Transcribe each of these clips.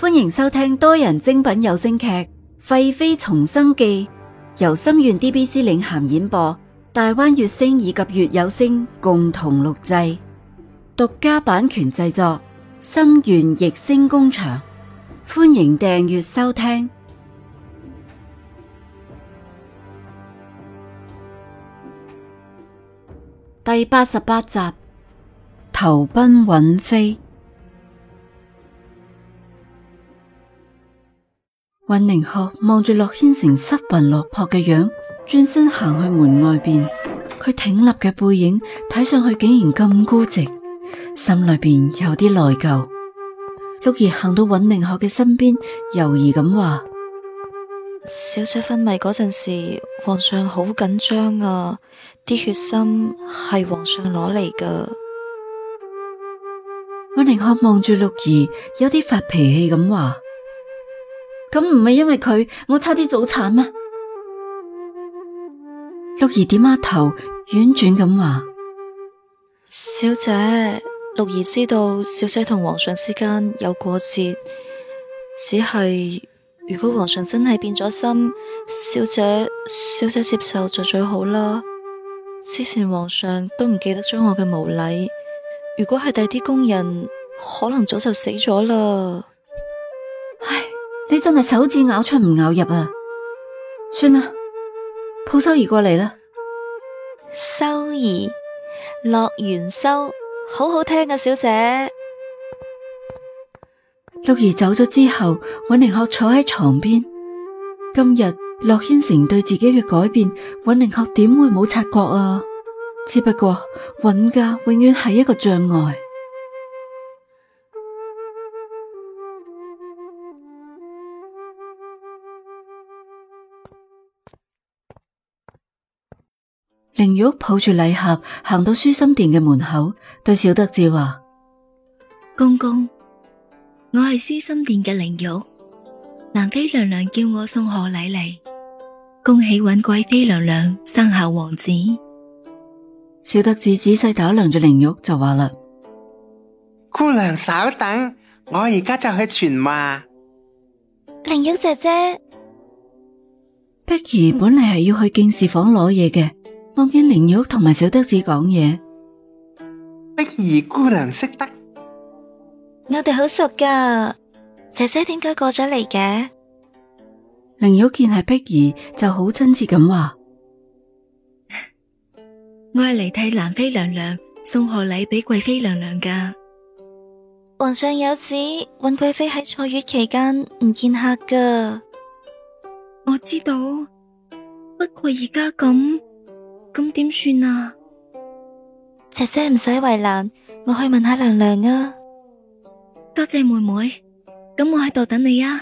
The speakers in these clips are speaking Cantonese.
歡迎收聽多人精品有聲劇《廢妃重生記》，由心願 DBC 領銜演播，大灣月星以及月有聲共同錄製，獨家版權製作，心願逸聲工場。歡迎訂閱收聽第八十八集《投奔尹妃》。尹寧鶴望住洛軒成失魂落魄嘅樣，轉身行去門外邊。佢挺立嘅背影睇上去竟然咁孤寂，心裏邊有啲內疚。六兒行到尹寧鶴嘅身邊，猶豫咁話：小姐昏迷嗰陣時，皇上好緊張啊，啲血心係皇上攞嚟噶。尹寧鶴望住六兒，有啲發脾氣咁話。咁唔係因為佢，我差啲早產啊！六兒點下頭，婉轉咁話：小姐，六兒知道小姐同皇上之間有過節，只係如果皇上真係變咗心，小姐小姐接受就最好啦。之前皇上都唔記得咗我嘅無禮，如果係第啲宮人，可能早就死咗啦。你真係手指咬出唔咬入啊！算啦，抱修兒過嚟啦。修兒，樂元修，好好聽啊，小姐。六兒走咗之後，尹寧鶴坐喺床邊。今日洛軒成對自己嘅改變，尹寧鶴點會冇察覺啊？只不過，尹家永遠係一個障礙。凌玉抱住禮盒，行到舒心殿嘅門口，對小德志話：公公，我係舒心殿嘅凌玉，南妃娘娘叫我送賀禮嚟，恭喜尹貴妃娘娘生下王子。小德志仔細打量住凌玉就，就話啦：姑娘稍等，我而家就去傳話。凌玉姐姐，碧兒本嚟係要去敬事房攞嘢嘅。望見靈玉同埋小德子講嘢，碧兒姑娘識得，我哋好熟噶。姐姐點解過咗嚟嘅？靈玉見係碧兒，就好親切咁話：我係嚟替蘭妃娘娘送賀禮俾貴妃娘娘噶。皇上有旨，尹貴妃喺坐月期間唔見客噶。我知道，不過而家咁。咁點算啊？姐姐唔使為難，我去問下娘娘啊！多謝妹妹，咁我喺度等你啊！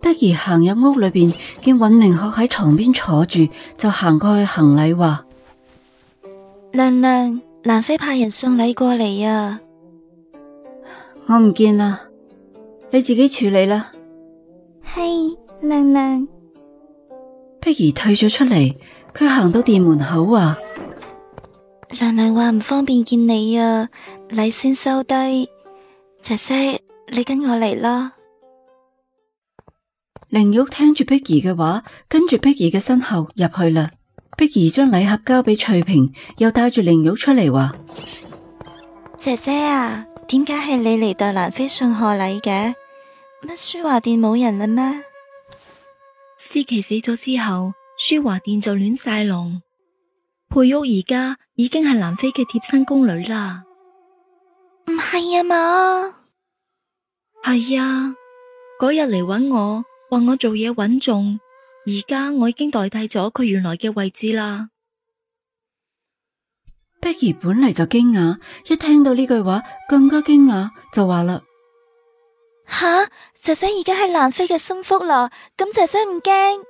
德儀行入屋裏邊，見尹寧鶴喺床邊坐住，就行過去行禮話：娘娘，蘭妃派人送禮過嚟啊！我唔見啦，你自己處理啦。係，娘娘。碧兒退咗出嚟，佢行到店門口話，啊：娘娘話唔方便見你啊，禮先收低，姐姐你跟我嚟啦。玲玉聽住碧兒嘅話，跟住碧兒嘅身後入去啦。碧兒將禮盒交俾翠萍，又帶住玲玉出嚟話：姐姐啊，點解係你嚟到南非送賀禮嘅？乜書畫店冇人啦咩？思琪死咗之後，舒華殿就亂晒龍。佩玉而家已經係尹妃嘅貼身宮女啦，唔係啊嘛？係啊，嗰日嚟搵我話我做嘢穩重，而家我已經代替咗佢原來嘅位置啦。碧兒本嚟就驚訝，一聽到呢句話更加驚訝，就話啦。吓！姐姐而家係尹妃嘅心腹咯，咁姐姐唔驚。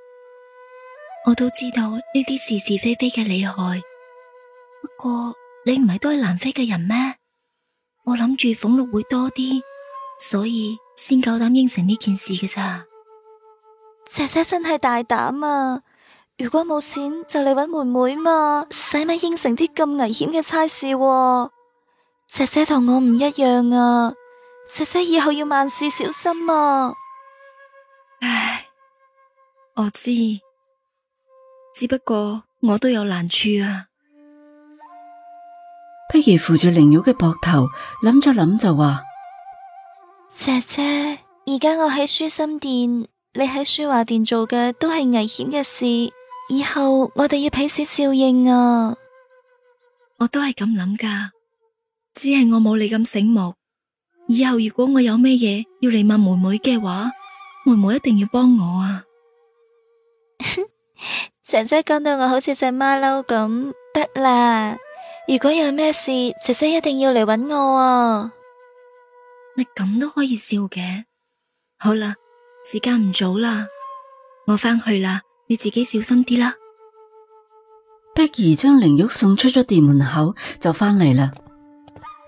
我都知道呢啲是是非非嘅厲害，不過你唔係都係尹妃嘅人咩？我諗住俸祿會多啲，所以先夠膽應承呢件事嘅咋。姐姐真係大膽啊！如果冇錢就嚟揾妹妹嘛，使乜應承啲咁危險嘅差事啊？姐姐同我唔一樣啊！姐姐以後要萬事小心啊！唉，我知，只不過我都有難處啊。不如扶住凌玉嘅膊頭，諗咗諗就話：姐姐，而家我喺書心殿，你喺書華殿做嘅都係危險嘅事，以後我哋要彼此照應啊！我都係咁諗噶，只係我冇你咁醒目。以後如果我有咩嘢，要嚟問妹妹嘅話，妹妹一定要幫我啊！姐姐講到我好似隻馬騮咁，得啦！如果有咩事，姐姐一定要嚟搵我啊！你咁都可以笑嘅？好啦，時間唔早啦，我返去啦，你自己小心啲啦。碧兒將凌玉送出咗店門口，就返嚟啦。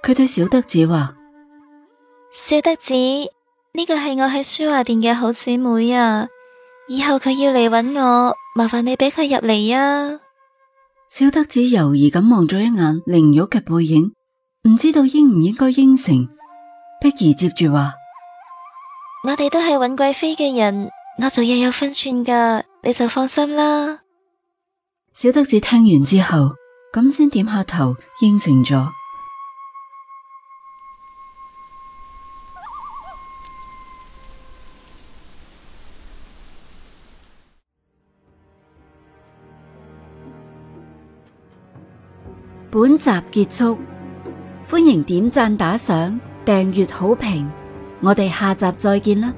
佢對小德子話。小德子，呢個係我喺書畫店嘅好姊妹啊！以後佢要嚟揾我，麻煩你俾佢入嚟啊！小德子猶豫咁望咗一眼凌玉嘅背影，唔知道應唔應該應承。碧兒接住話：我哋都係揾貴妃嘅人，我做嘢有分寸噶，你就放心啦。小德子聽完之後，咁先點下頭應承咗。本集結束，歡迎點讚打賞、訂閱好評，我哋下集再見啦！